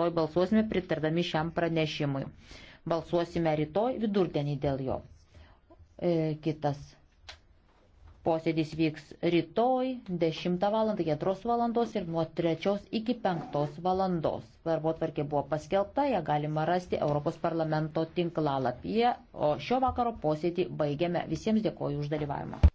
rytoj balsuosime pritardami šiam pranešimui. Balsuosime rytoj vidurdienį dėl jo. E, kitas posėdis vyks rytoj 10 val. iki 2 val. ir nuo 3 iki 5 val. Darbo tvarkė buvo paskelbta, ją galima rasti Europos parlamento tinklalapyje, o šio vakaro posėdį baigiame. Visiems dėkoju už dalyvavimą.